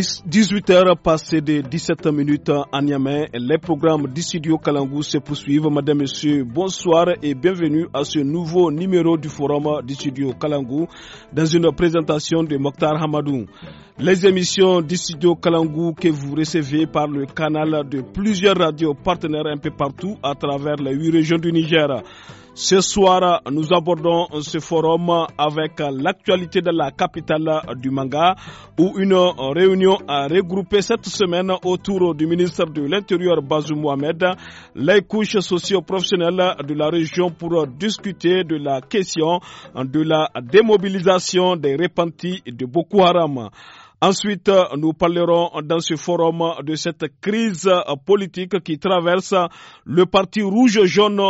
18h passées de 17 minutes à Niamey. Les programmes du studio Kalangou se poursuivent. Madame, Monsieur, bonsoir et bienvenue à ce nouveau numéro du forum du studio Kalangou dans une présentation de Mokhtar Hamadou. Les émissions du studio Kalangou que vous recevez par le canal de plusieurs radios partenaires un peu partout à travers les huit régions du Niger. Ce soir, nous abordons ce forum avec l'actualité de la capitale du manga où une réunion a regroupé cette semaine autour du ministre de l'Intérieur Bazou Mohamed les couches socio-professionnelles de la région pour discuter de la question de la démobilisation des repentis de Boko Haram. Ensuite, nous parlerons dans ce forum de cette crise politique qui traverse le parti rouge-jaune,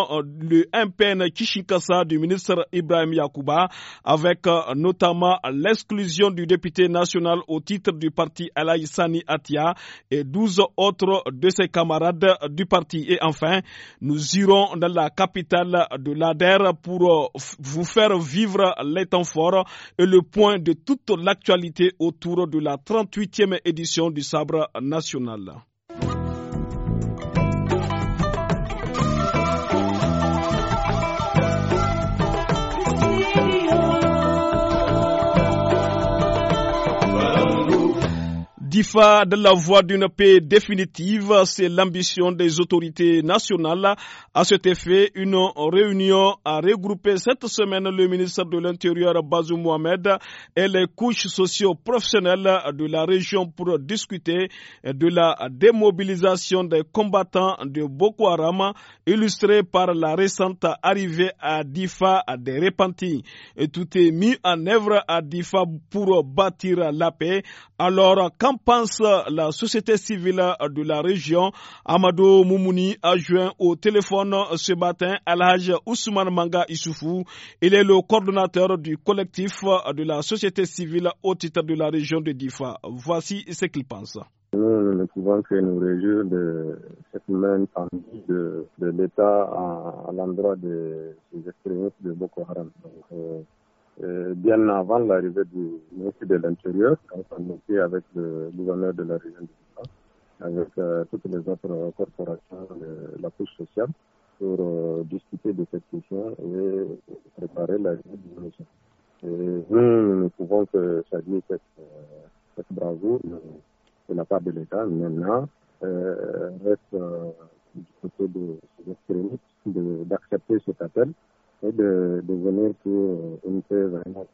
le MPN Kishikasa du ministre Ibrahim Yakuba, avec euh, notamment l'exclusion du député national au titre du parti Alaïsani Atia et 12 autres de ses camarades du parti. Et enfin, nous irons dans la capitale de l'ADER pour euh, vous faire vivre les temps forts et le point de toute l'actualité autour de la 38e édition du Sabre national. Difa de la voie d'une paix définitive, c'est l'ambition des autorités nationales. À cet effet, une réunion a regroupé cette semaine le ministre de l'Intérieur Bazou Mohamed et les couches socio-professionnelles de la région pour discuter de la démobilisation des combattants de Boko Haram, illustrée par la récente arrivée à Difa des repentis. tout est mis en œuvre à Difa pour bâtir la paix. Alors, pense la société civile de la région. Amadou Moumouni a joint au téléphone ce matin Alhaj Ousmane Manga Issoufou. Il est le coordonnateur du collectif de la société civile au titre de la région de Difa. Voici ce qu'il pense. Nous, ne pouvons que nous réjouir de cette main tendue de, de l'État à, l'endroit des, des extrémistes de Boko Haram. Euh, euh, bien avant l'arrivée du ministre de l'Intérieur, en était avec le gouverneur de la région du Sud, avec euh, toutes les autres corporations, la couche sociale, pour euh, discuter de cette question et préparer l'arrivée du ministre. Et nous, nous pouvons que saluer cette, cette bravoure de la part de l'État. Maintenant, reste du côté de, de d'accepter cet appel et de, venir euh, une paix vraiment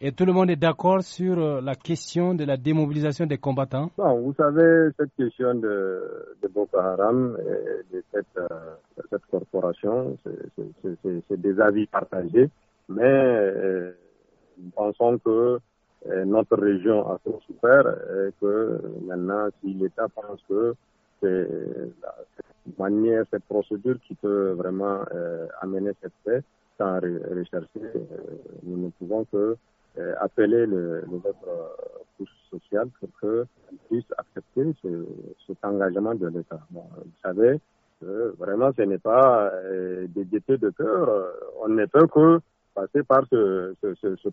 Et tout le monde est d'accord sur euh, la question de la démobilisation des combattants Non, Vous savez, cette question de, de Boko Haram, et de cette, de euh, cette corporation, c'est des avis partagés, mais nous pensons que notre région a trop souffert et que maintenant, si l'État pense que c'est cette manière, cette procédure qui peut vraiment euh, amener cette paix sans rechercher. Euh, nous ne pouvons que euh, appeler le, le votre euh, couche sociale pour qu'elle puisse accepter ce, cet engagement de l'État. vous savez, que vraiment, ce n'est pas des gaietés de cœur. On ne peut que passer par ce,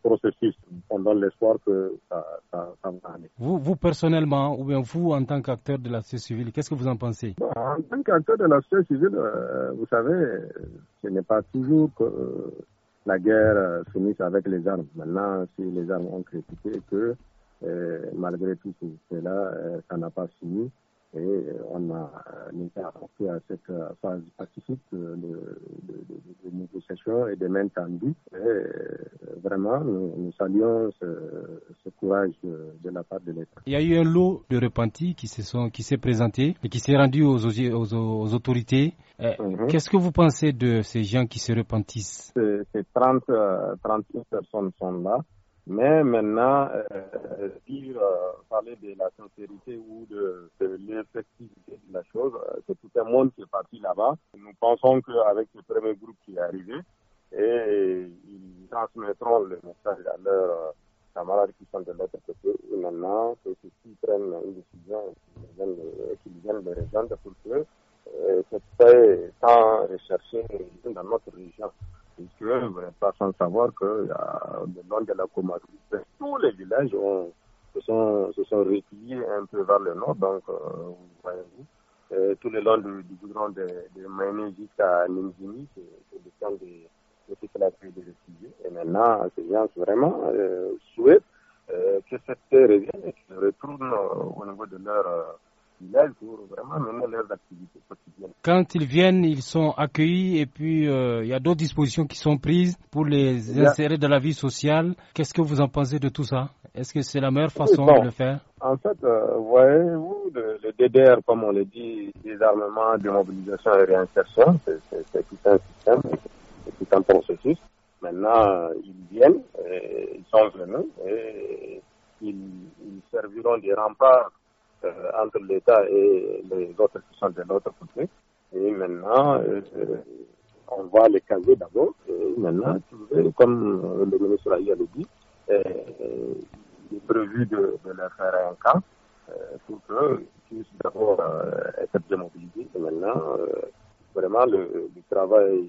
processus. On donne l'espoir que ça, va aller. Vous, personnellement, ou bien vous en tant qu'acteur de la société civile, qu'est-ce que vous en pensez En tant qu'acteur de la société civile, euh, vous savez, ce n'est pas toujours que la guerre euh, avec les armes. Maintenant, si les armes ont critiqué que euh, malgré tout cela, euh, ça n'a pas fini. Et euh, on a été euh, apporté à cette euh, phase pacifique de, de, de, de négociation et de main tendue. Et vraiment, nous, nous saluons ce, ce, courage de, la part de l'État. Il y a eu un lot de repentis qui se sont, qui s'est présenté et qui s'est rendu aux, aux, aux autorités. Mhm. Qu'est-ce que vous pensez de ces gens qui se repentissent Ces 30, 38 personnes sont là. Mais maintenant, euh, si, euh, parler de la sincérité ou de, l'effectivité de la chose, euh, c'est tout un monde qui est parti là-bas. Nous pensons qu'avec le premier groupe qui est arrivé, et ils transmettront le message à leurs camarades qui sont de l'autre côté. Et maintenant, que ceux qui prennent une décision et qu'ils viennent de rejoindre pour que euh, cette paix dans notre région culturel, pas sans savoir que euh, le nord de la Comarque, tous les villages se, sont, se sont repliés un peu vers le nord, donc euh, vous voyez euh, -vous. tout le long du, du grand de, de Maine jusqu'à Ningini, c'est le temps de, de ce des réfugiés. Et maintenant, ces gens vraiment euh, souhaitent euh, que cette terre revienne et qu'ils retournent au niveau de leur euh, quand ils viennent, ils sont accueillis et puis euh, il y a d'autres dispositions qui sont prises pour les insérer dans la vie sociale. Qu'est-ce que vous en pensez de tout ça Est-ce que c'est la meilleure façon de le faire En fait, euh, voyez-vous, le, DDR, comme on le dit, désarmement, démobilisation et réinsertion, c'est tout un système, c'est tout un processus. Maintenant, euh, ils viennent, ils sont venus et ils, ils serviront des remparts euh, entre l'État et les autres qui sont de notre côté. Et maintenant, euh, on va les caser d'abord. Et Maintenant, comme le ministre Aïe dit, euh, il est prévu de, de leur faire un cas pour qu'ils puissent d'abord être démobilisés. Et maintenant, vraiment, le, travail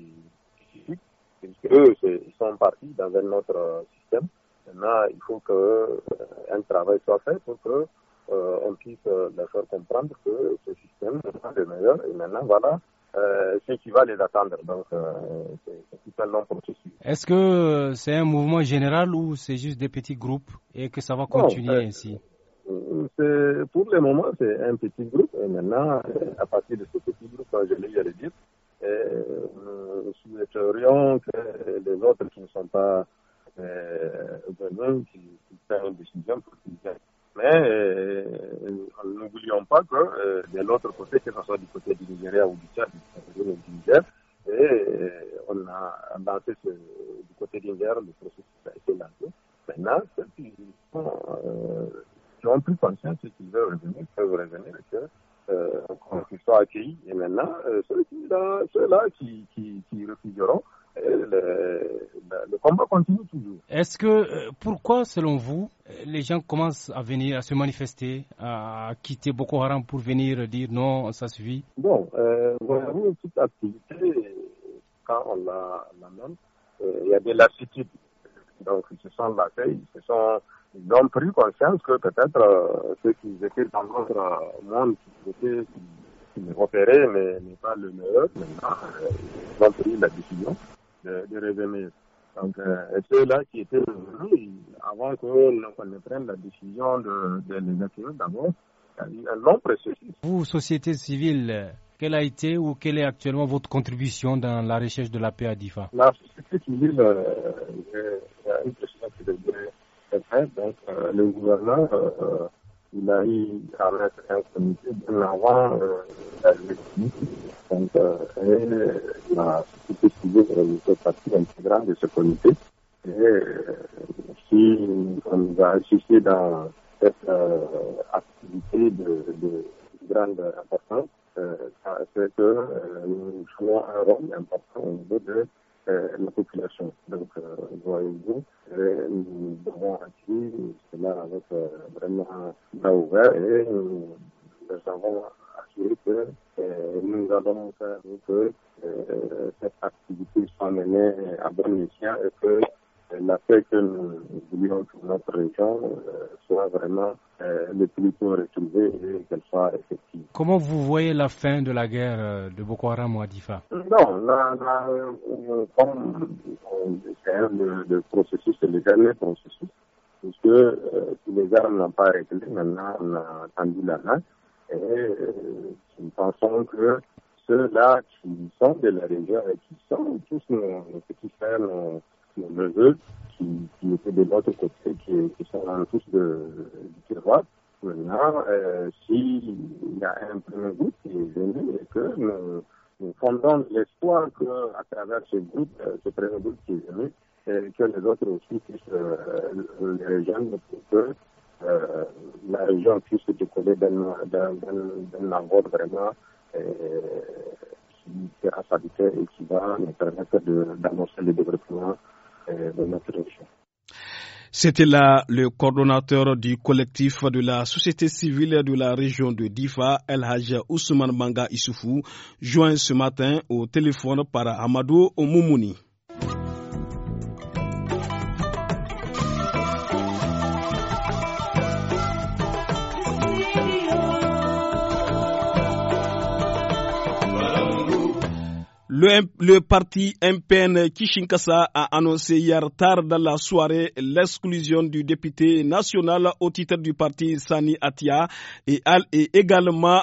physique, puisqu'eux, ils sont partis dans un autre système. Maintenant, il faut qu'un travail soit fait pour que euh, on puisse euh, leur faire comprendre que ce système n'est pas le meilleur et maintenant voilà euh, ce qui va les attendre. Donc c'est tout un long processus. Est-ce que c'est un mouvement général ou c'est juste des petits groupes et que ça va continuer ainsi pour le moment, c'est un petit groupe. Et maintenant, à partir de ce petit groupe, comme je l'ai dit, nous souhaiterions que les autres qui ne sont pas venus, qui, qui prennent une décision pour qu'ils mais euh, n'oublions pas que euh, de l'autre côté, que ce soit du côté du Nigeria ou du Tchad, du, du Niger, et, euh, on a lancé ce, du côté du Niger, le processus a été lancé. Maintenant, ceux qui, sont, euh, qui ont plus conscience et qui veulent revenir peuvent revenir et que, euh, qu'ils soient accueillis. Et maintenant, euh, ceux-là ceux qui, qui, qui refuseront, le, combat continue toujours. Est-ce que, euh, pourquoi, selon vous, les gens commencent à venir, à se manifester, à quitter Boko Haram pour venir dire non, ça suffit Bon, euh, voilà, une petite activité, quand on la, l'amène, euh, il y a des lassitudes. Donc, ils se sont lassés, ils se sont, ils ont pris conscience que peut-être euh, ceux qui étaient dans notre monde, qui étaient, qui, qui mais, pas le meilleur, maintenant, ils ont pris la décision de, de revenir. Donc, euh, ceux-là qui étaient revenus, avant qu'on ne prenne la décision de, de les accueillir d'abord, un long processus. Vous, société civile, quelle a été ou quelle est actuellement votre contribution dans la recherche de la paix à Difa La société civile, euh, euh a une question qui est être Donc, euh, le gouverneur euh, il eu à mettre un comité de l'avant euh, la Donc, euh, la société civile fait partie intégrale de ce comité. Et euh, si on va assister dans cette euh, activité de, de, grande importance, euh, ça fait que nous jouons un rôle important au niveau de euh, la population. Donc, euh, voyez-vous, nous avons acquis cela avec euh, vraiment bras ouvert et nous avons assuré que nous allons faire que cette activité soit menée à bon escient et que euh, la paix que nous voulions pour notre région euh, soit vraiment euh, le plus tôt retrouvée et qu'elle soit effective. Comment vous voyez la fin de la guerre de Boko Haram ou Adifa Non, on un comme le, le, processus, c'est le dernier processus, puisque euh, les armes n'ont pas réglé, maintenant on a tendu la main et nous pensons que ceux-là qui sont de la région et qui sont tous nos, petits frères, neveu, qui, qui était de qui, qui sont tous de, du tiroir. Maintenant, euh, s'il y a un premier groupe qui est venu et que nous, fondons l'espoir qu'à travers ce groupe, euh, ce premier groupe qui est venu, euh, que les autres aussi puissent les rejoindre pour que la région puisse décoller d'un abord vraiment euh, qui sera salutaire et qui va nous permettre d'annoncer le développement euh, C'était là le coordonnateur du collectif de la société civile de la région de Difa, El Hajj Ousmane Manga Issoufou, joint ce matin au téléphone par Amadou Omoumouni. Le, parti MPN Kishinkasa a annoncé hier tard dans la soirée l'exclusion du député national au titre du parti Sani Atia et, également,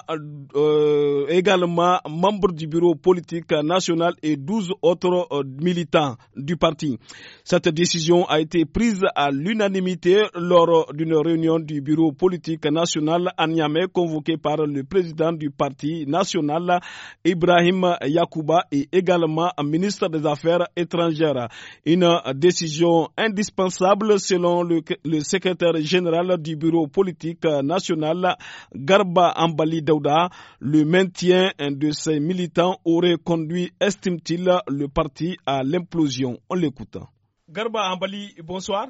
euh, également membre du bureau politique national et 12 autres euh, militants du parti. Cette décision a été prise à l'unanimité lors d'une réunion du bureau politique national à Niamey convoquée par le président du parti national Ibrahim Yakuba également également ministre des Affaires étrangères. Une décision indispensable selon le, secrétaire général du Bureau politique national, Garba Ambali Daouda. Le maintien de ces militants aurait conduit, estime-t-il, le parti à l'implosion. On l'écoute. Garba Ambali, bonsoir.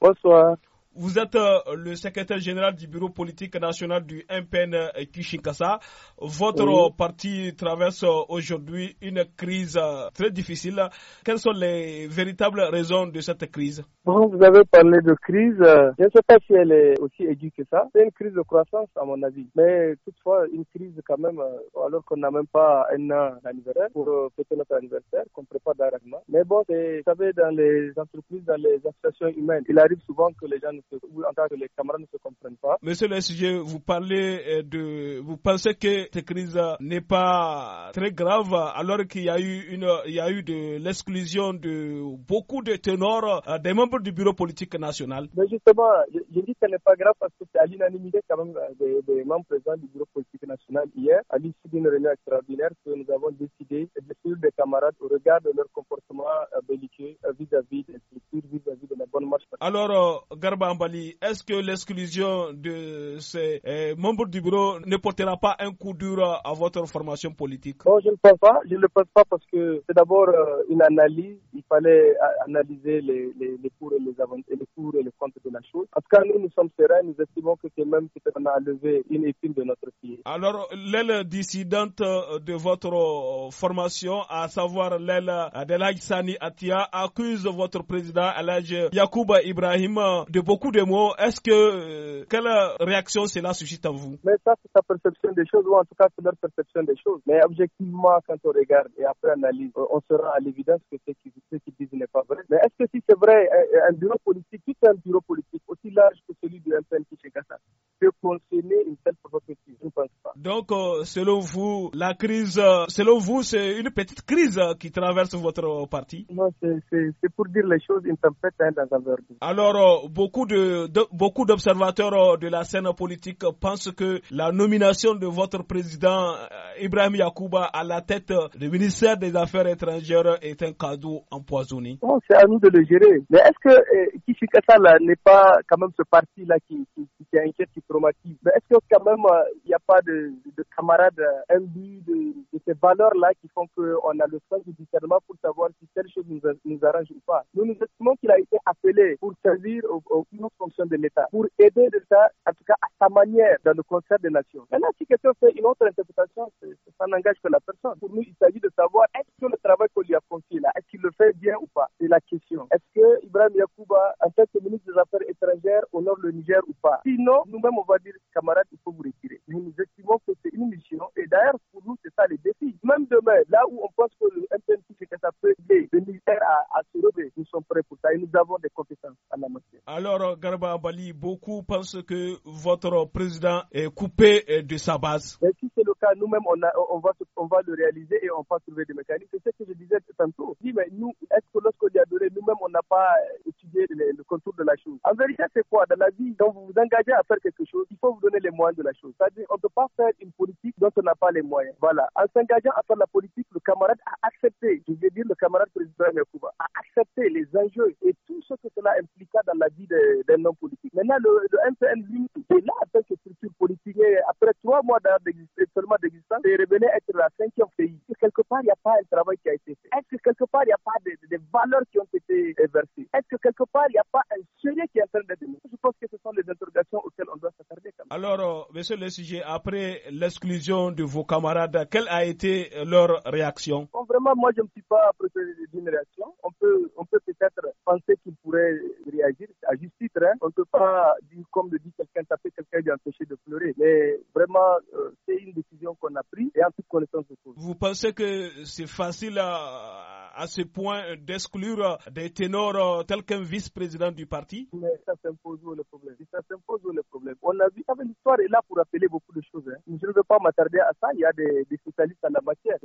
Bonsoir. Vous êtes euh, le secrétaire général du bureau politique national du MPN euh, Kishinkasa. Votre parti traverse euh, aujourd'hui une crise très difficile. Quelles sont les véritables raisons de cette crise vous avez parlé de crise. Je ne sais pas si elle est aussi aiguë que ça. C'est une crise de croissance, à mon avis. Mais toutefois, une crise quand même, alors qu'on n'a même pas un an d'anniversaire pour fêter notre anniversaire, qu'on prépare d'arrangement. Mais bon, vous savez, dans les entreprises, dans les associations humaines, il arrive souvent que les gens ou les camarades ne se comprennent pas. Monsieur le SG, vous parlez euh, de, vous pensez que cette crise n'est pas très grave alors qu'il y a eu une, il y a eu de l'exclusion de beaucoup de ténors euh, des membres du bureau politique national. Mais justement, je, dis que ce n'est pas grave parce que c'est à l'unanimité quand même euh, des, membres présents du bureau politique national hier, à l'issue d'une réunion extraordinaire que nous avons décidé de suivre des camarades au regard de leur comportement belliqueux vis-à-vis des structures, vis-à-vis de la bonne marche. Alors, Garba Bali. est-ce que l'exclusion de ces eh, membres du bureau ne portera pas un coup dur à votre formation politique Non, je ne pense pas. Je ne pense pas parce que c'est d'abord euh, une analyse. Il fallait euh, analyser les, les, les cours et les, et les cours et les comptes de la chose. En tout cas, nous, nous sommes sereins. Nous estimons que c'est même qu'on a levé une épine de notre pied. Alors, l'aile dissidente euh, de votre formation, à savoir l'aile de Sani Atia, accuse votre président Alage Yacouba Ibrahim de beaucoup de mots. Est-ce que euh, quelle réaction cela suscite en vous Mais ça, c'est sa perception des choses, ou en tout cas, c'est leur perception des choses. Mais objectivement, quand on regarde et après analyse, on se rend à l'évidence que ce qu'ils disent n'est pas vrai. Mais est-ce que si c'est vrai, un bureau politique, tout un bureau politique aussi large que celui du MPN qui chez peut concerner une telle proposition Je ne pense pas. Donc, euh, selon vous, la crise, euh, selon vous, c'est une petite crise qui traverse votre parti Non, c'est pour dire les choses, une tempête hein, dans un verre. Alors, beaucoup de beaucoup d'observateurs euh, de la scène politique pensent que la nomination de votre président euh, Ibrahim Yacouba à la tête euh, du ministère des Affaires étrangères est un cadeau empoisonné. c'est à nous de le gérer. Mais est-ce que eh, n'est pas quand même ce parti-là qui, qui, inquiète, qui traumatise Mais est-ce que quand même il n'y a pas de, camarades imbus de, ces valeurs-là qui font qu'on a le sens du discernement pour savoir si telle chose nous, arrange ou pas Nous nous estimons qu'il a été appelé pour servir au, au fonction de l'État pour aider l'État, en tout cas à sa manière, dans le concert des nations. Maintenant, si quelqu'un fait une autre interprétation, ça n'engage que la personne. Pour nous, il s'agit de savoir est-ce que le travail qu'on lui a confié là, est-ce qu'il le fait bien ou pas C'est la question. Est-ce que Ibrahim Yacouba, en tant que ministre des Affaires étrangères, honore le Niger ou pas Sinon, nous-mêmes, on va dire, camarades, il faut vous retirer. Nous nous estimons que c'est une mission et d'ailleurs, pour nous, c'est ça les défis. Même demain, là où on pense que le MPNC, c'est le ministère a à, se Nous sommes prêts pour ça et nous avons des compétences à la matière. Alors, Garba bali beaucoup pensent que votre président est coupé euh, de sa base. Mais si c'est le cas, nous-mêmes, on, va, va le réaliser et on va trouver des mécanismes. C'est ce que je disais tantôt. Dis, mais nous, est-ce que lorsqu'on y a donné, nous-mêmes, on n'a pas étudié le, contour de la chose En vérité, c'est quoi Dans la vie, quand vous vous engagez à faire quelque chose, il faut vous donner les moyens de la chose. C'est-à-dire, on ne peut pas faire une politique dont on n'a pas les moyens. Voilà. En s'engageant à faire la politique, le camarade a accepté. Je vais dire, le camarade Président, président Yakuba, a accepté les enjeux et tout ce que cela impliqua dans la vie d'un homme politique. Maintenant, le, le lui, est là avec cette structure politique après trois mois d'existence, euh, seulement d'existence, il revenait être la cinquième pays. que quelque part, il n'y a pas un travail qui a été fait Est-ce que quelque part, il n'y a pas des valeurs qui ont été versées Est-ce que quelque part, il n'y a pas un sujet qui est en train d'être Je pense que ce sont les interrogations auxquelles on doit s'attarder. Alors, euh, monsieur le sujet, après l'exclusion de vos camarades, quelle a été euh, leur réaction Vraiment, moi, je ne suis pas préparé d'une réaction. On peut, on peut peut-être penser qu'ils pourraient réagir juste titre. Hein. On ne peut pas dire, comme le dit quelqu'un, taper quelqu'un et lui empêcher de pleurer. Mais vraiment, euh, c'est une décision qu'on a prise et en toute connaissance de cause. Vous pensez que c'est facile à, à, ce point d'exclure euh, des ténors euh, tels qu'un vice-président du parti Mais ça s'impose le problème. Ça s'impose le problème. On a vu, avec l'histoire est là pour rappeler beaucoup de choses. Hein. Je ne veux pas m'attarder à ça. Il y a des, des socialistes à la matière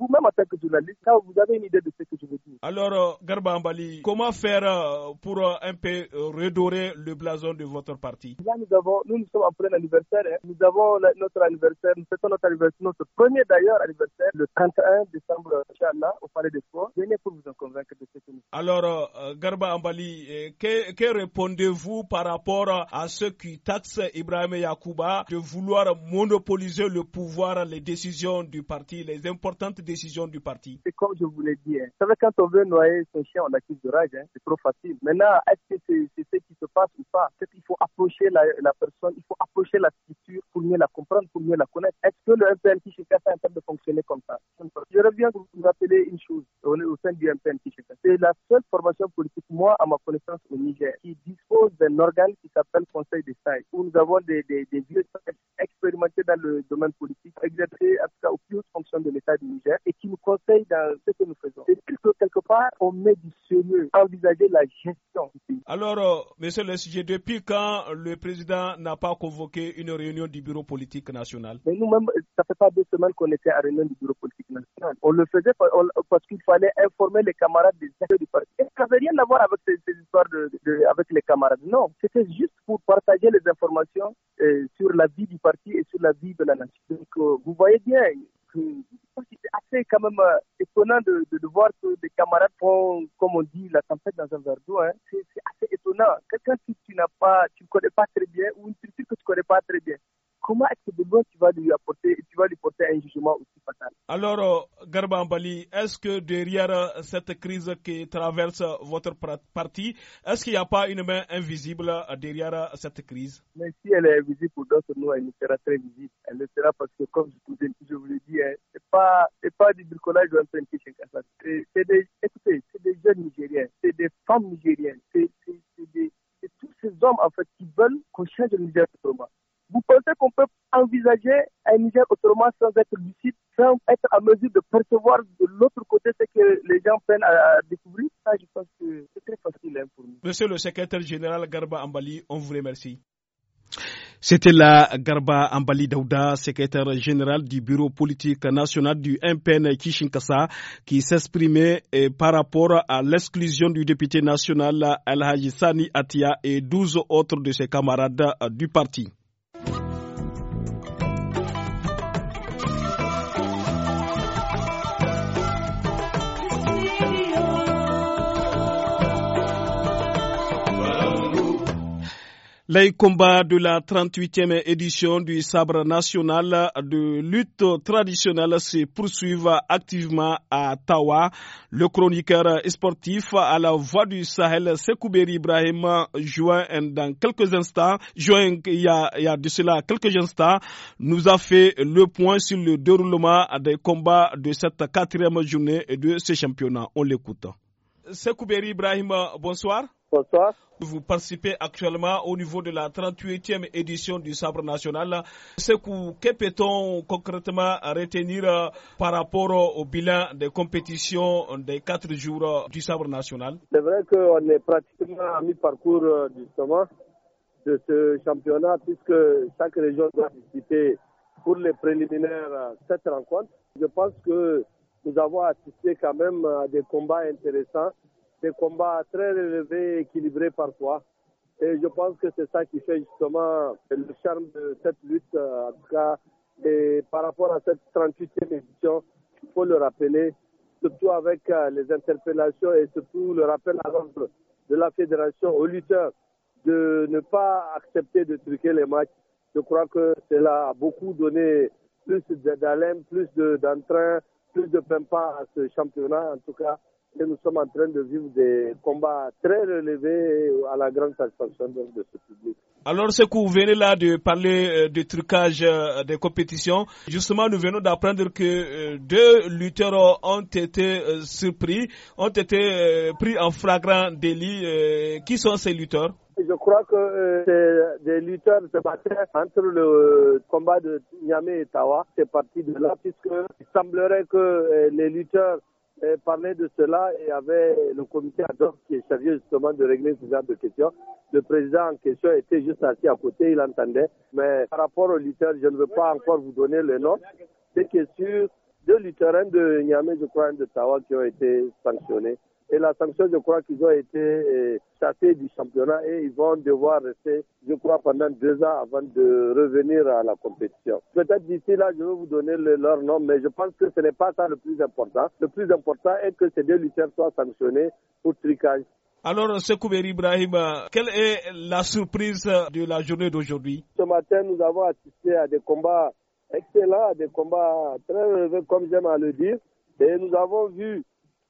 vous-même en tant que journaliste vous avez une idée de ce que je veux dire. Alors, euh, Garba Ambali, comment faire euh, pour euh, un peu redorer le blason de votre parti Là, nous avons, nous, nous sommes en plein anniversaire. Hein. Nous avons notre anniversaire, nous fêtons notre anniversaire, notre premier d'ailleurs anniversaire, le 31 décembre, au Palais des Sports. Venez pour vous en convaincre de ce que nous Alors, Garba Ambali, que, répondez-vous par rapport à ceux qui taxent Ibrahim Yakouba de vouloir monopoliser le pouvoir, les décisions du parti, les importantes décision du parti C'est comme je vous l'ai dit. Hein. Vous savez, quand on veut noyer son chien, on accuse de rage. Hein. C'est trop facile. Maintenant, est-ce que c'est ce qui se passe ou pas Il qu'il faut approcher la, personne, il faut approcher la structure pour mieux la comprendre, pour mieux la connaître. Est-ce que le MPN Kishika est en train de fonctionner comme ça Je reviens pour vous rappeler une chose. On est au sein du MPN C'est la seule formation politique, moi, à ma connaissance, au Niger, qui dispose d'un organe qui s'appelle Conseil des sages, où nous avons des, vieux sages dans le domaine politique, exécuter à plus hautes fonctions de l'État du Niger et qui nous conseille dans ce que nous faisons. C'est quelque part, on met du envisager la gestion Alors, euh, monsieur le sujet, depuis quand le président n'a pas convoqué une réunion du bureau politique national Mais nous-mêmes, ça fait pas deux semaines qu'on était à réunion du bureau politique national. On le faisait parce qu'il fallait informer les camarades des acteurs du parti. Et ça n'avait rien à voir avec ces, histoires de, avec les camarades. Non, c'était juste pour partager les informations euh, sur la vie du parti sur la vie de la nation. Donc, euh, vous voyez bien que c'est assez quand même euh, étonnant de, de, voir que des camarades font, comme on dit, la tempête dans un verre d'eau. Hein. C'est assez étonnant. Quelqu'un que tu n'as pas, tu ne connais pas très bien ou une structure que tu ne connais pas très bien comment est-ce que demain tu vas lui apporter, tu vas lui porter un jugement aussi fatal Alors, euh, Garba Mbali, est-ce que derrière euh, cette crise qui traverse votre parti, est-ce qu'il n'y a pas une main invisible euh, derrière cette crise Mais si elle est invisible pour d'autres, nous, elle sera très visible. Elle le sera parce que, comme je vous l'ai dit, hein, ce n'est pas, pas du bricolage de un de C'est des, c'est des jeunes Nigériens, c'est des femmes nigériennes, c'est tous ces hommes, en fait, qui veulent qu'on change le Niger autrement. Vous pensez qu'on peut envisager un Niger autrement sans être lucide, sans être à mesure de percevoir de l'autre côté ce que les gens peinent à découvrir Ça, je pense que c'est très facile hein, pour nous. Monsieur le secrétaire général Garba Ambali, on vous remercie. C'était la Garba Ambali Daouda, secrétaire général du bureau politique national du MPN Kishinkasa, qui s'exprimait eh, par rapport à l'exclusion du député national al Sani Atia et 12 autres de ses camarades eh, du parti. Les combats de la 38e édition du sabre national de lutte traditionnelle se poursuivent activement à Tawa. Le chroniqueur sportif à la voix du Sahel, Sekouber Ibrahim, joint dans quelques instants, joint il y, a, de cela quelques instants, nous a fait le point sur le déroulement des combats de cette quatrième journée de ce championnat. On l'écoute. Sekouberi Ibrahim, bonsoir. Bonsoir. Vous participez actuellement au niveau de la 38e édition du Sabre national. Ce que, peut-on concrètement retenir euh, par rapport au bilan des compétitions des quatre jours euh, du Sabre national C'est vrai qu'on est pratiquement à mi-parcours euh, justement de ce championnat puisque chaque région doit discuter pour les préliminaires cette rencontre. Je pense que nous avons assisté quand même à des combats intéressants des combats très relevés, équilibrés parfois. Et je pense que c'est ça qui fait justement le charme de cette lutte, euh, en tout cas. Et par rapport à cette 38e édition, il faut le rappeler, surtout avec euh, les interpellations et surtout le rappel à l'ordre de la fédération aux lutteurs de ne pas accepter de truquer les matchs. Je crois que cela a beaucoup donné plus d'alem, plus d'entrain, plus de pimpa à ce championnat, en tout cas nous sommes en train de vivre des combats très relevés à la grande satisfaction de ce public. Alors, ce que vous venez là de parler euh, de trucage euh, des compétitions, justement, nous venons d'apprendre que euh, deux lutteurs ont été surpris, ont été pris en flagrant délit. Qui sont ces lutteurs je crois que c'est des lutteurs se battaient entre le combat de Niamey et Tawa. C'est parti de là puisque il semblerait que les lutteurs euh, parlait de cela et avait le comité ad hoc qui est chargé justement de régler ce genre de questions. Le président en question était juste assis à côté, il entendait. Mais par rapport aux lutteurs, je ne veux pas encore vous donner le nom. C'est que sur deux lutteurs, de Niamey, je crois, de Tawa, qui ont été sanctionnés et la sanction, je crois qu'ils ont été euh, chassés du championnat et ils vont devoir rester, je crois, pendant deux ans avant de revenir à la compétition. Peut-être d'ici là, je vais vous donner leur nom, mais je pense que ce n'est pas ça le plus important. Le plus important est que ces deux lutteurs soient sanctionnés pour tricage. Alors, Sekouber Ibrahim, quelle est la surprise de la journée d'aujourd'hui Ce matin, nous avons assisté à des combats excellents, des combats très comme j'aime à le dire. Et nous avons vu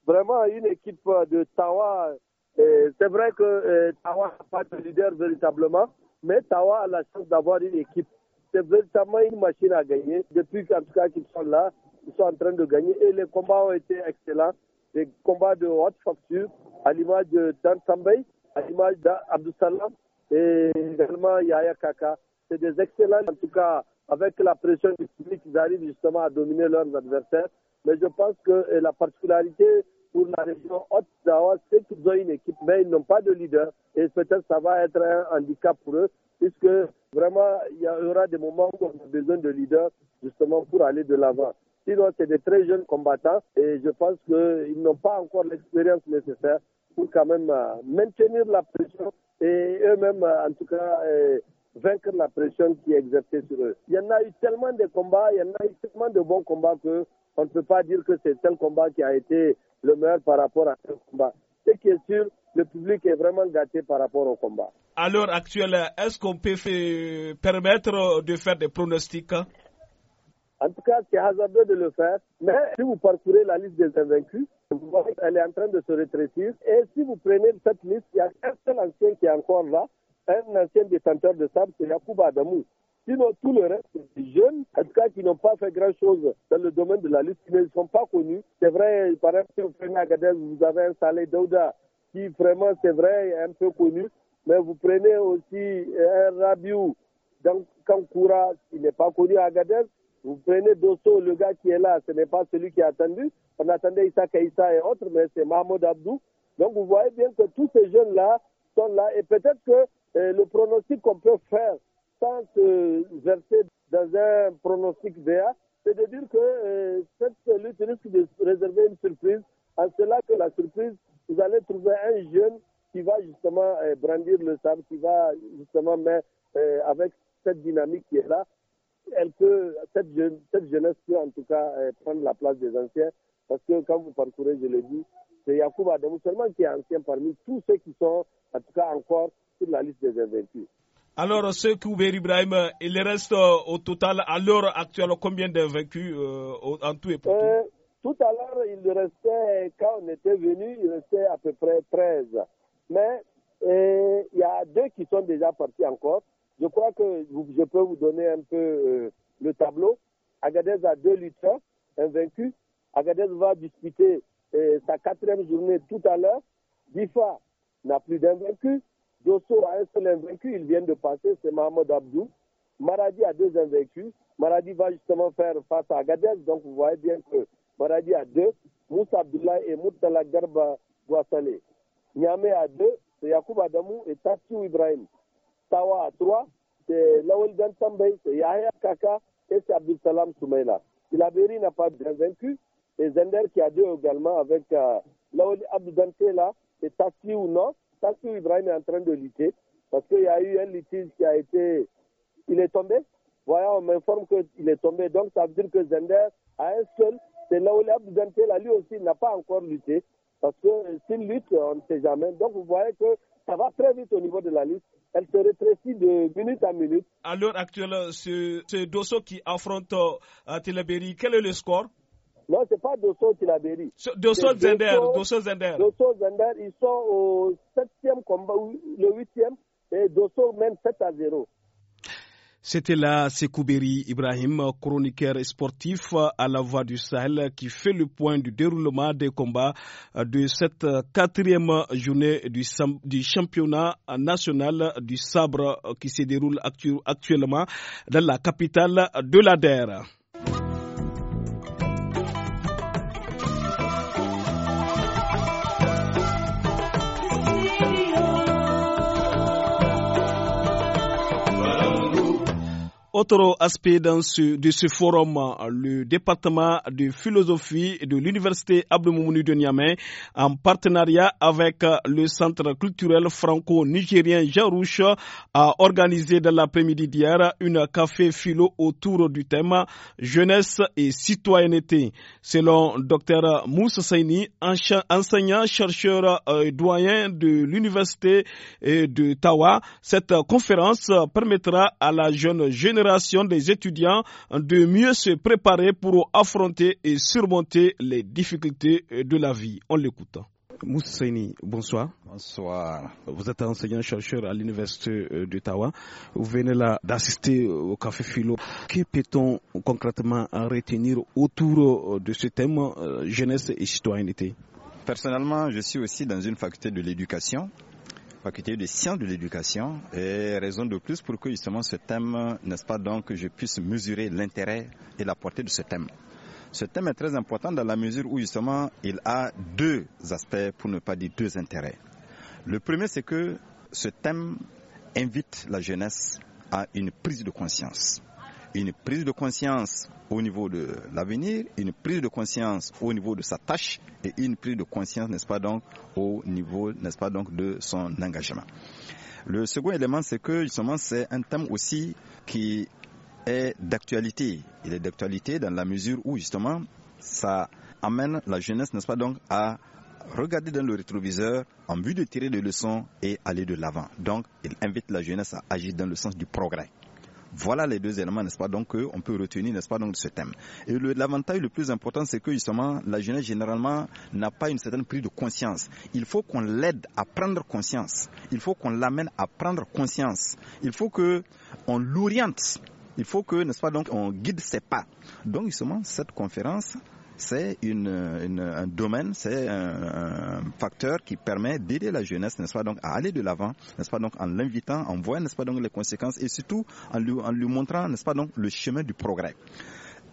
vraiment une équipe euh, de Tawa. Euh, c'est vrai que euh, Tawa n'a pas de leader véritablement, mais Tawa a la chance d'avoir une équipe. C'est véritablement une machine à gagner. Depuis qu'en tout cas qu'ils sont là, ils sont en train de gagner et les combats ont été excellents. Des combats de haute facture, à l'image de Dan Sambay, à l'image d'Abdou Salam et également Yaya Kaka. C'est des excellents, en tout cas, avec la pression du public, ils arrivent justement à dominer leurs adversaires. Mais je pense que la particularité pour la région haute c'est qu'ils ont une équipe, mais ils n'ont pas de leader. Et peut-être ça va être un handicap pour eux, puisque vraiment, il y aura des moments où on a besoin de leader, justement, pour aller de l'avant. Sinon, c'est des très jeunes combattants et je pense qu'ils n'ont pas encore l'expérience nécessaire pour quand même euh, maintenir la pression et eux-mêmes, euh, en tout cas, euh, vaincre la pression qui est exercée sur eux. Il y en a eu tellement de combats, il y en a eu tellement de bons combats que on ne peut pas dire que c'est tel combat qui a été le meilleur par rapport à tel combat. Ce qui est sûr, le public est vraiment gâté par rapport au combat. À l'heure actuelle, est-ce qu'on peut permettre de faire des pronostics hein? En tout cas, c'est hasardeux de le faire. Mais si vous parcourez la liste des invaincus, vous voyez qu'elle est en train de se rétrécir. Et si vous prenez cette liste, il y a un seul ancien qui est encore là, un ancien détenteur de sable, c'est Yacouba Adamou. Sinon, tout le reste, des jeunes, en tout cas, qui n'ont pas fait grand-chose dans le domaine de la lutte, qui ne sont pas connus. C'est vrai, par exemple, vous prenez vous avez installé Douda, qui vraiment, c'est vrai, est un peu connu. Mais vous prenez aussi euh, un Rabiou, dans Kankoura, qui n'est pas connu à Agadez. Vous prenez Dosso, le gars qui est là, ce n'est pas celui qui est attendu. On attendait Issa Kaïsa et autres, mais c'est Mahmoud Abdou. Donc vous voyez bien que tous ces jeunes-là sont là. Et peut-être que euh, le pronostic qu'on peut faire sans se verser dans un pronostic V.A., c'est de dire que euh, cette lutte risque de réserver une surprise, en cela que la surprise, vous allez trouver un jeune qui va justement euh, brandir le sable, qui va justement, mais euh, avec cette dynamique qui est là, elle cette, jeune, cette jeunesse peut en tout cas prendre la place des anciens, parce que quand vous parcourez, je l'ai dit, c'est Yacouba Adamou seulement qui est ancien parmi tous ceux qui sont, en tout cas encore, sur la liste des invaincus. Alors, ceux qui ouvrent Ibrahim, il reste euh, au total, à l'heure actuelle, combien d'invaincus euh, en tout et pour euh, tout tout à l'heure, il restait, quand on était venu, il restait à peu près 13. Mais euh, il y a deux qui sont déjà partis encore. Je crois que je peux vous donner un peu le tableau. Agadez a deux lutteurs vaincu. Agadez va disputer sa quatrième journée tout à l'heure. Difa n'a plus vaincu Dosso a un seul invaincu, il vient de passer, c'est Mohamed Abdou. Maradi a deux invaincus. Maradi va justement faire face à Agadez, donc vous voyez bien que Maradi a deux. Moussa Abdullah et Moutala Garba Guassale. Niamey a deux, c'est Yacoub Adamou et Tassou Ibrahim. Tawa a trois, c'est Lawel Gantambey, ben c'est Yahya Kaka et c'est Abdul Salam Soumeila. Ilaberi n'a pas d'invaincu. Et Zender qui a deux également avec euh, Lawel Abdou là et Tassiou Non que Ibrahim est en train de lutter parce qu'il y a eu un litige qui a été. Il est tombé. Voilà, on m'informe qu'il est tombé. Donc, ça veut dire que Zender a un seul. C'est là où lui aussi, n'a pas encore lutté. Parce que s'il lutte, on ne sait jamais. Donc, vous voyez que ça va très vite au niveau de la lutte. Elle se rétrécit de minute à minute. À l'heure actuelle, ce, dosso qui affronte euh, Télébéry, quel est le score non, ce n'est pas Dosso Tilaberi. Dosso Zender, Dosso Zender. Dosso Zender, ils sont au septième combat, le huitième, et Dosso mène 7 à 0. C'était là Sekouberi Ibrahim, chroniqueur sportif à la Voix du Sahel, qui fait le point du déroulement des combats de cette quatrième journée du, championnat national du sabre qui se déroule actuellement dans la capitale de la DER. Autre aspect de ce forum, le département de philosophie de l'université Abdelmoumouni de Niamey, en partenariat avec le centre culturel franco-nigérien Jarouche, a organisé dans l'après-midi d'hier une café philo autour du thème jeunesse et citoyenneté. Selon Dr Moussa Saini, enseignant chercheur et euh, doyen de l'université euh, de Tawa, cette conférence permettra à la jeune génération des étudiants de mieux se préparer pour affronter et surmonter les difficultés de la vie. En l'écoutant. Moussaini, bonsoir. Bonsoir. Vous êtes enseignant-chercheur à l'Université euh, d'Ottawa. Vous venez là d'assister euh, au Café Philo. Que peut-on concrètement retenir autour euh, de ce thème jeunesse et citoyenneté Personnellement, je suis aussi dans une faculté de l'éducation faculté des sciences de l'éducation et raison de plus pour que justement ce thème, n'est-ce pas, donc je puisse mesurer l'intérêt et la portée de ce thème. Ce thème est très important dans la mesure où justement il a deux aspects, pour ne pas dire deux intérêts. Le premier, c'est que ce thème invite la jeunesse à une prise de conscience une prise de conscience au niveau de l'avenir, une prise de conscience au niveau de sa tâche et une prise de conscience, n'est-ce pas donc, au niveau, n'est-ce pas donc, de son engagement. Le second élément, c'est que justement, c'est un thème aussi qui est d'actualité. Il est d'actualité dans la mesure où justement, ça amène la jeunesse, n'est-ce pas donc, à regarder dans le rétroviseur en vue de tirer des leçons et aller de l'avant. Donc, il invite la jeunesse à agir dans le sens du progrès. Voilà les deux éléments, n'est-ce pas, donc on peut retenir, n'est-ce pas, donc de ce thème. Et l'avantage le, plus important, c'est que justement, la jeunesse généralement n'a pas une certaine prise de conscience. Il faut qu'on l'aide à prendre conscience. Il faut qu'on l'amène à prendre conscience. Il faut que on l'oriente. Il faut que, n'est-ce pas, donc on guide ses pas. Donc justement, cette conférence c'est une, un domaine, c'est un, facteur qui permet d'aider la jeunesse, n'est-ce pas, donc à aller de l'avant, n'est-ce pas, donc en l'invitant, en voyant, n'est-ce pas, donc les conséquences et surtout en lui, en lui montrant, n'est-ce pas, donc le chemin du progrès.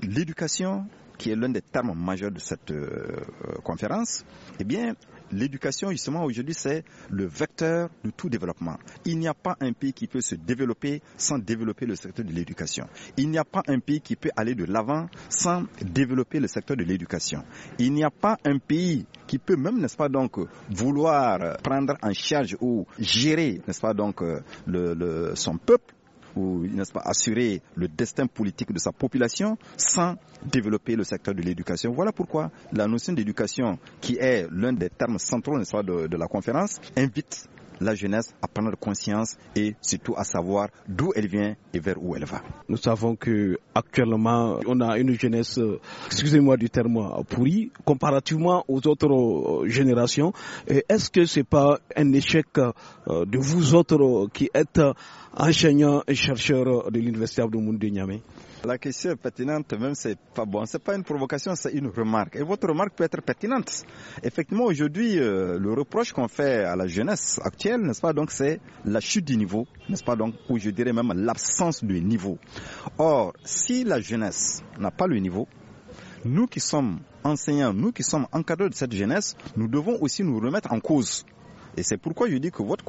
L'éducation, qui est l'un des termes majeurs de cette euh, euh, conférence, eh bien, l'éducation, justement, aujourd'hui, c'est le vecteur de tout développement. Il n'y a pas un pays qui peut se développer sans développer le secteur de l'éducation. Il n'y a pas un pays qui peut aller de l'avant sans développer le secteur de l'éducation. Il n'y a pas un pays qui peut même, n'est-ce pas, donc, vouloir prendre en charge ou gérer, n'est-ce pas, donc, euh, son peuple ou n'est-ce pas, assurer le destin politique de sa population sans développer le secteur de l'éducation. Voilà pourquoi la notion d'éducation, qui est l'un des termes centraux de la conférence, invite la jeunesse à prendre conscience et surtout à savoir d'où elle vient et vers où elle va. Nous savons que actuellement on a une jeunesse, euh, excusez-moi du terme, euh, pourrie comparativement aux autres euh, générations. Est-ce que c'est pas un échec de vous autres qui êtes enseignants et chercheurs de l'université de Niamey? La question est pertinente, même c'est pas bon. C'est pas une provocation, c'est une remarque. Et votre remarque peut être pertinente. Effectivement, aujourd'hui, euh, le reproche qu'on fait à la jeunesse actuelle, n'est-ce pas, donc c'est la chute du niveau, n'est-ce pas, donc, ou je dirais même l'absence du niveau. Or, si la jeunesse n'a pas le niveau, nous qui sommes enseignants, nous qui sommes encadreurs de cette jeunesse, nous devons aussi nous remettre en cause. Et c'est pourquoi je dis que votre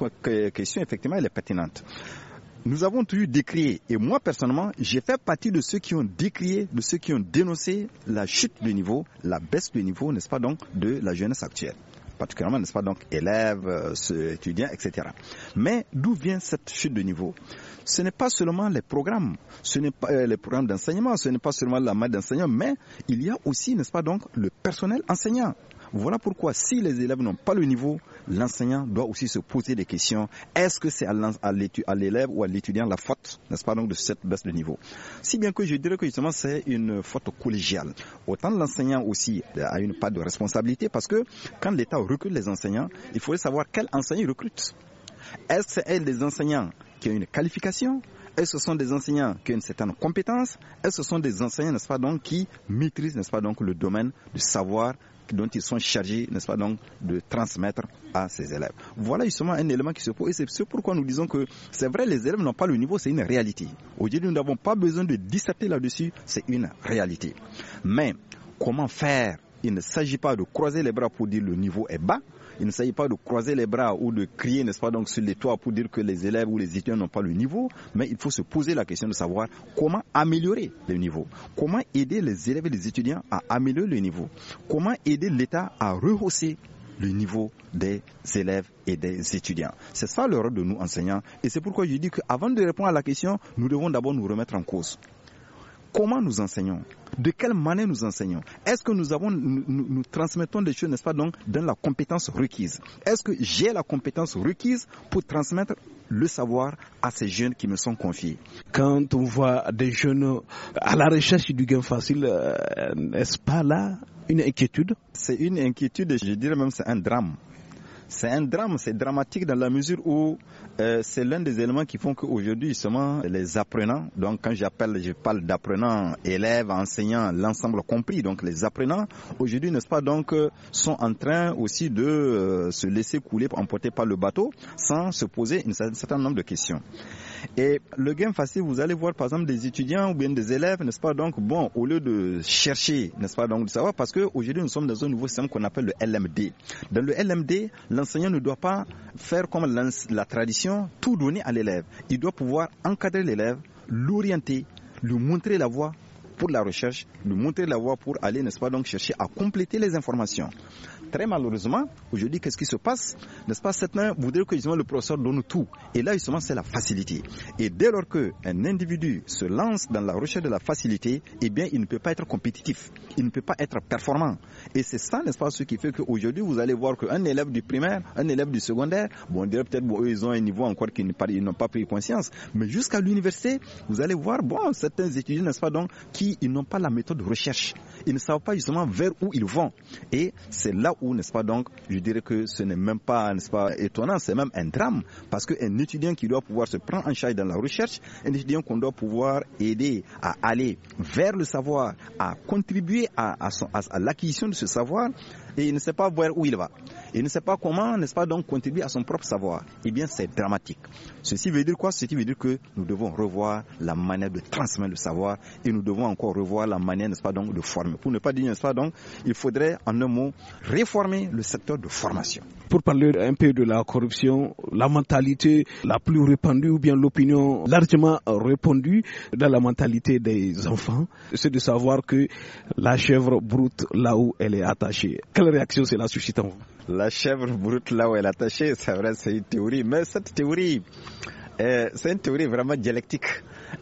question, effectivement, elle est pertinente. Nous avons eu décrié, et moi personnellement, j'ai fait partie de ceux qui ont décrié, de ceux qui ont dénoncé la chute de niveau, la baisse de niveau, n'est-ce pas donc, de la jeunesse actuelle particulièrement, n'est-ce pas, donc élèves, euh, étudiants, etc. Mais d'où vient cette chute de niveau Ce n'est pas seulement les programmes, ce n'est pas euh, les programmes d'enseignement, ce n'est pas seulement la main d'enseignants, mais il y a aussi, n'est-ce pas, donc le personnel enseignant. Voilà pourquoi si les élèves n'ont pas le niveau, l'enseignant doit aussi se poser des questions. Est-ce que c'est à l'élève ou à l'étudiant la faute, n'est-ce pas, donc de cette baisse de niveau Si bien que je dirais que justement c'est une faute collégiale. Autant l'enseignant aussi euh, a une part de responsabilité parce que quand l'État recrute les enseignants, il faudrait savoir quels enseignant il recrute. Est-ce que c'est des enseignants qui ont une qualification est-ce que ce sont des enseignants qui ont une certaine compétence Est-ce que ce sont des enseignants, n'est-ce pas, donc, qui maîtrisent, n'est-ce pas, donc, le domaine du savoir dont ils sont chargés, n'est-ce pas, donc, de transmettre à ces élèves. Voilà justement un élément qui se pose. Et c'est pourquoi nous disons que c'est vrai, les élèves n'ont pas le niveau, c'est une réalité. Aujourd'hui, nous n'avons pas besoin de disserter là-dessus, c'est une réalité. Mais comment faire il ne s'agit pas de croiser les bras pour dire le niveau est bas, il ne s'agit pas de croiser les bras ou de crier, n'est-ce pas, donc sur les toits pour dire que les élèves ou les étudiants n'ont pas le niveau, mais il faut se poser la question de savoir comment améliorer le niveau, comment aider les élèves et les étudiants à améliorer le niveau, comment aider l'État à rehausser le niveau des élèves et des étudiants. C'est ça le rôle de nous enseignants et c'est pourquoi je dis qu'avant de répondre à la question, nous devons d'abord nous remettre en cause. Comment nous enseignons De quelle manière nous enseignons Est-ce que nous, avons, nous, transmettons des choses, n'est-ce pas, donc, dans la compétence requise Est-ce que j'ai la compétence requise pour transmettre le savoir à ces jeunes qui me sont confiés. Quand on voit des jeunes à la recherche du gain facile, euh, n'est-ce pas là une inquiétude C'est une inquiétude, je dirais même c'est un drame. C'est un drame, c'est dramatique dans la mesure où euh, c'est l'un des éléments qui font qu'aujourd'hui, seulement les apprenants, donc quand j'appelle, je parle d'apprenants, élèves, enseignants, l'ensemble compris, donc les apprenants, aujourd'hui, n'est-ce pas, donc, euh, sont en train aussi de euh, se laisser couler, emporter par le bateau, sans se poser un certain nombre de questions. Et le game facile, vous allez voir, par exemple, des étudiants ou bien des élèves, n'est-ce pas, donc, bon, au lieu de chercher, n'est-ce pas, donc, de savoir, parce qu'aujourd'hui, nous sommes dans un nouveau système qu'on appelle le LMD. Dans le LMD, l'enseignant ne doit pas faire comme la tradition, tout donner à l'élève. Il doit pouvoir encadrer l'élève, l'orienter, lui montrer la voie pour la recherche, lui montrer la voie pour aller, n'est-ce pas, donc chercher à compléter les informations. Très malheureusement, aujourd'hui, qu'est-ce qui se passe N'est-ce pas vous voudraient que justement, le professeur donne tout. Et là, justement, c'est la facilité. Et dès lors qu'un individu se lance dans la recherche de la facilité, eh bien, il ne peut pas être compétitif. Il ne peut pas être performant. Et c'est ça, n'est-ce pas, ce qui fait qu'aujourd'hui, vous allez voir qu'un élève du primaire, un élève du secondaire, bon, on dirait peut-être qu'ils ils ont un niveau encore qu'ils n'ont pas pris conscience. Mais jusqu'à l'université, vous allez voir, bon, certains étudiants, n'est-ce pas, donc, qui ils n'ont pas la méthode de recherche. Ils ne savent pas justement vers où ils vont. Et c'est là ou n'est-ce pas, donc, je dirais que ce n'est même pas, n'est-ce pas, étonnant, c'est même un drame, parce qu'un étudiant qui doit pouvoir se prendre en charge dans la recherche, un étudiant qu'on doit pouvoir aider à aller vers le savoir, à contribuer à l'acquisition de ce savoir, et il ne sait pas voir où il va. Il ne sait pas comment, n'est-ce pas, donc contribuer à son propre savoir. Eh bien, c'est dramatique. Ceci veut dire quoi Ceci veut dire que nous devons revoir la manière de transmettre le savoir et nous devons encore revoir la manière, n'est-ce pas, donc de former. Pour ne pas dire, n'est-ce pas, donc, il faudrait, en un mot, réformer le secteur de formation. Pour parler un peu de la corruption, la mentalité la plus répandue ou bien l'opinion largement répandue dans la mentalité des enfants, c'est de savoir que la chèvre broute là où elle est attachée réaction cela suscite suscitant La chèvre brute là où elle est attachée, c'est vrai, c'est une théorie, mais cette théorie, c'est une théorie vraiment dialectique.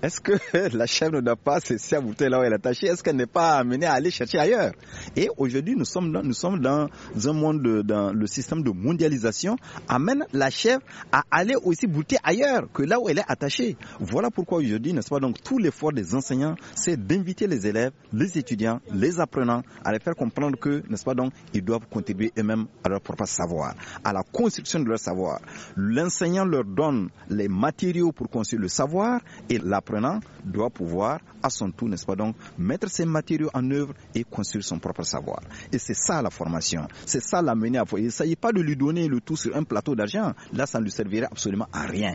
Est-ce que la chèvre n'a pas cessé à bouter là où elle est attachée Est-ce qu'elle n'est pas amenée à aller chercher ailleurs Et aujourd'hui, nous sommes dans, nous sommes dans un monde, dans le système de mondialisation, amène la chèvre à aller aussi bouter ailleurs que là où elle est attachée. Voilà pourquoi aujourd'hui, n'est-ce pas, donc tout l'effort des enseignants, c'est d'inviter les élèves, les étudiants, les apprenants à les faire comprendre que, n'est-ce pas, donc ils doivent contribuer eux-mêmes à leur propre savoir, à la construction de leur savoir. L'enseignant leur donne les matériaux pour construire le savoir et la l'apprenant doit pouvoir, à son tour, n'est-ce pas donc, mettre ses matériaux en œuvre et construire son propre savoir. Et c'est ça la formation. C'est ça l'amener à. Il ne s'agit pas de lui donner le tout sur un plateau d'argent. Là, ça ne lui servirait absolument à rien.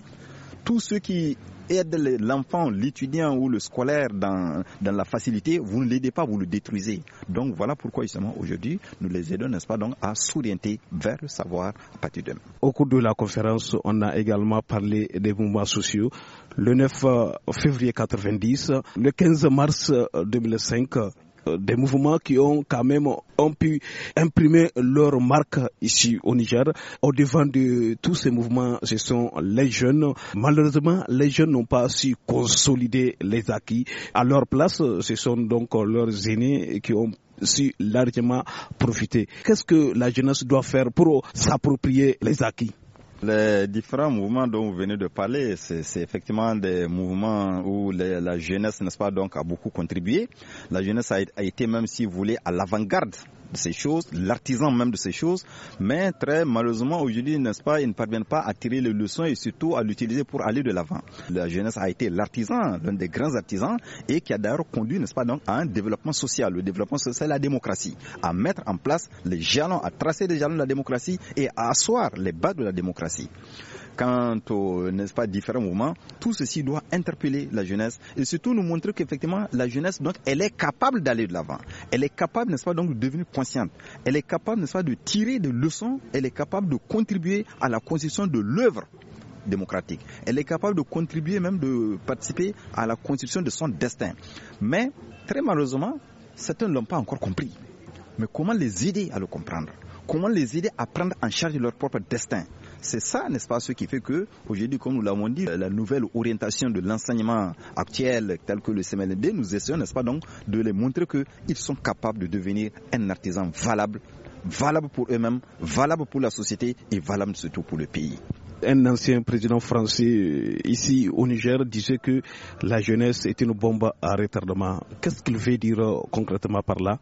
Tous ceux qui aident l'enfant, l'étudiant ou le scolaire dans, dans la facilité, vous ne l'aidez pas, vous le détruisez. Donc voilà pourquoi justement aujourd'hui, nous les aidons, n'est-ce pas, à s'orienter vers le savoir à partir d'eux. Au cours de la conférence, on a également parlé des mouvements sociaux le 9 euh, février 90, le 15 mars 2005, euh, euh, des mouvements qui ont quand même ont pu imprimer leur marque ici au Niger. Au devant de tous ces mouvements, ce sont les jeunes. Malheureusement, les jeunes n'ont pas su consolider les acquis. À leur place, ce sont donc leurs aînés qui ont su largement profiter. Qu'est-ce que la jeunesse doit faire pour s'approprier les acquis les différents mouvements dont vous venez de parler, c'est effectivement des mouvements où la jeunesse, n'est-ce pas, donc, a beaucoup contribué. La jeunesse a été, même si vous voulez, à l'avant-garde de ces choses, l'artisan même de ces choses, mais très malheureusement aujourd'hui, n'est-ce pas, ils ne parviennent pas à tirer les leçons et surtout à l'utiliser pour aller de l'avant. La jeunesse a été l'artisan, l'un des grands artisans et qui a d'ailleurs conduit, n'est-ce pas, donc, à un développement social. Le développement social, la démocratie, à mettre en place les jalons, à tracer les jalons de la démocratie et à asseoir les bases de la démocratie quant aux nest pas, différents mouvements, tout ceci doit interpeller la jeunesse et surtout nous montrer qu'effectivement la jeunesse, donc, elle est capable d'aller de l'avant. Elle est capable, nest pas, donc, de devenir consciente. Elle est capable, de tirer des leçons. Elle est capable de contribuer à la construction de l'œuvre démocratique. Elle est capable de contribuer même de participer à la construction de son destin. Mais très malheureusement, certains ne l'ont pas encore compris. Mais comment les aider à le comprendre Comment les aider à prendre en charge leur propre destin c'est ça, n'est-ce pas, ce qui fait que, aujourd'hui, comme nous l'avons dit, la nouvelle orientation de l'enseignement actuel, tel que le CMLD, nous essayons, n'est-ce pas, donc, de les montrer qu'ils sont capables de devenir un artisan valable valable pour eux-mêmes, valable pour la société et valable surtout pour le pays un ancien président français euh, ici au Niger disait que la jeunesse est une bombe à retardement. Qu'est-ce qu'il veut dire euh, concrètement par là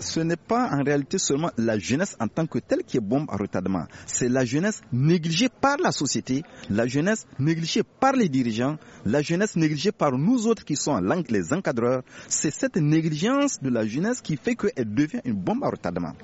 ce n'est pas en réalité seulement la jeunesse en tant que telle qui est bombe à retardement. C'est la jeunesse négligée par la société, la jeunesse négligée par les dirigeants, la jeunesse négligée par nous autres qui sont les encadreurs. C'est cette négligence de la jeunesse qui fait qu'elle devient une bombe à retardement.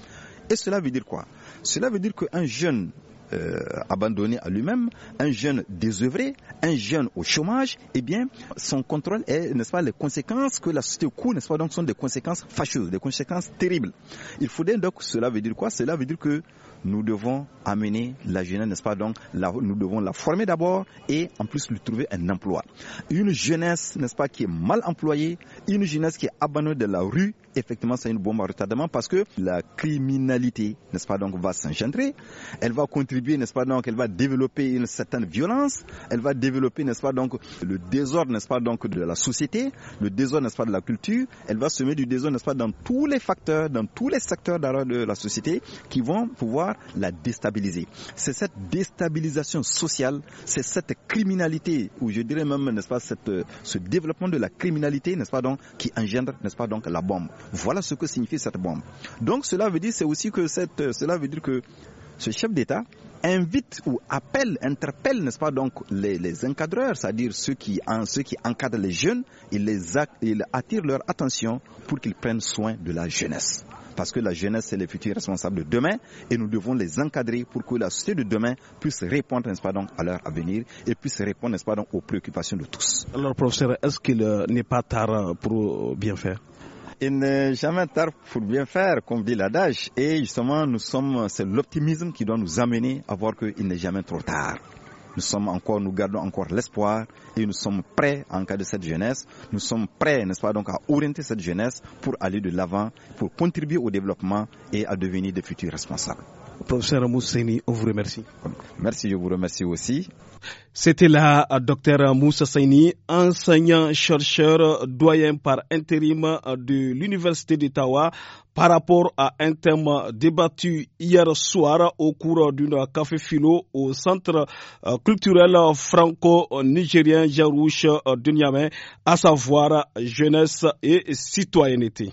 Et cela veut dire quoi Cela veut dire qu'un jeune euh, abandonné à lui-même, un jeune désœuvré, un jeune au chômage, eh bien, son contrôle est, n'est-ce pas, les conséquences que la société court, n'est-ce pas, donc sont des conséquences fâcheuses, des conséquences terribles. Il faudrait donc, cela veut dire quoi Cela veut dire que nous devons amener la jeunesse, n'est-ce pas, donc la, nous devons la former d'abord et en plus lui trouver un emploi. Une jeunesse, n'est-ce pas, qui est mal employée, une jeunesse qui est abandonnée de la rue, effectivement, c'est une bombe à retardement parce que la criminalité, n'est-ce pas, donc, va s'engendrer. Elle va contribuer, n'est-ce pas, donc, elle va développer une certaine violence. Elle va développer, n'est-ce pas, donc, le désordre, n'est-ce pas, donc, de la société, le désordre, n'est-ce pas, de la culture. Elle va semer du désordre, n'est-ce pas, dans tous les facteurs, dans tous les secteurs de la société qui vont pouvoir la déstabiliser. C'est cette déstabilisation sociale, c'est cette criminalité, ou je dirais même, n'est-ce pas, cette, ce développement de la criminalité, n'est-ce pas, donc, qui engendre, n'est-ce pas, donc, la bombe. Voilà ce que signifie cette bombe. Donc cela veut dire, aussi que euh, cela veut dire que ce chef d'État invite ou appelle, interpelle, n'est-ce pas, donc les, encadreurs, c'est-à-dire ceux qui, encadrent les jeunes, il les attire leur attention pour qu'ils prennent soin de la jeunesse. Parce que la jeunesse, c'est les futurs responsables de demain et nous devons les encadrer pour que la société de demain puisse répondre, nest pas, donc, à leur avenir et puisse répondre, nest pas, donc, aux préoccupations de tous. Alors, professeur, est-ce qu'il euh, n'est pas tard pour euh, bien faire il n'est jamais tard pour bien faire, comme dit l'adage. Et justement, nous sommes, c'est l'optimisme qui doit nous amener à voir qu'il n'est jamais trop tard. Nous sommes encore, nous gardons encore l'espoir et nous sommes prêts en cas de cette jeunesse. Nous sommes prêts, n'est-ce pas, donc à orienter cette jeunesse pour aller de l'avant, pour contribuer au développement et à devenir des futurs responsables. Professeur Mousseni, on vous remercie. Merci, je vous remercie aussi. C'était là euh, Docteur Moussa Saini, enseignant-chercheur doyen par intérim euh, de l'Université d'Ottawa par rapport à un thème débattu hier soir au cours d'une café philo au centre euh, culturel franco-nigérien Jarouche de à savoir jeunesse et citoyenneté.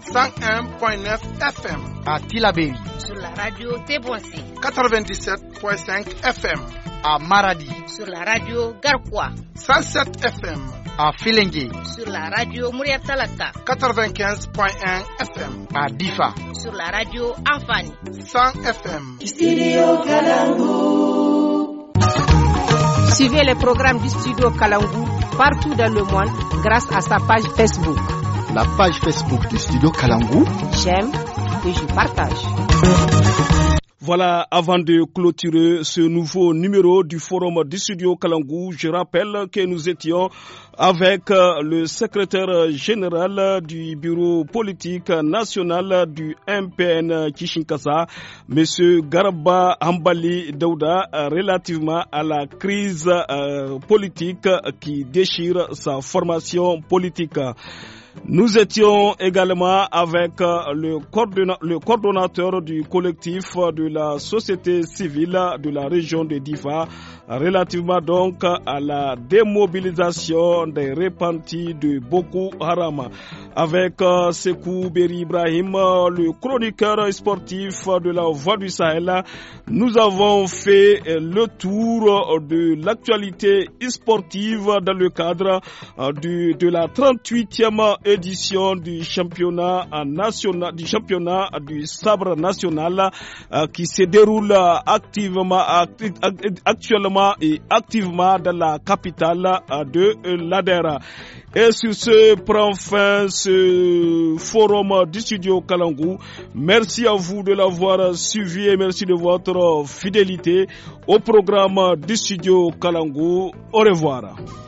101.9 FM à Tilabéri. Sur la radio Téboissé. 97.5 FM à Maradi. Sur la radio Garkwa. 107 FM à Filengé Sur la radio Mouriatalata 95.1 FM à Difa. Sur la radio Afani 100 FM. Studio Kalangu. Suivez les programmes du Studio Kalangu partout dans le monde grâce à sa page Facebook la page Facebook du studio Kalangou. J'aime et je partage. Voilà, avant de clôturer ce nouveau numéro du forum du studio Kalangou, je rappelle que nous étions avec euh, le secrétaire général du bureau politique national du MPN Kishinkasa, M. Garba Ambali Daouda, relativement à la crise euh, politique qui déchire sa formation politique. Nous étions également avec euh, le, coordonnateur du collectif de la société civile de la région de Diva relativement donc à la démobilisation des repentis de Boko Haram. Avec euh, Sekou Beri Ibrahim, euh, le chroniqueur sportif de la Voix du Sahel, nous avons fait le tour de l'actualité sportive dans le cadre de, de la 38e édition du championnat national, du championnat du sabre national euh, qui se déroule activement, actuellement et activement dans la capitale euh, de l'Adera. Et sur ce prend fin ce forum du studio Kalangou. Merci à vous de l'avoir suivi et merci de votre fidélité au programme du studio Kalangou. Au revoir.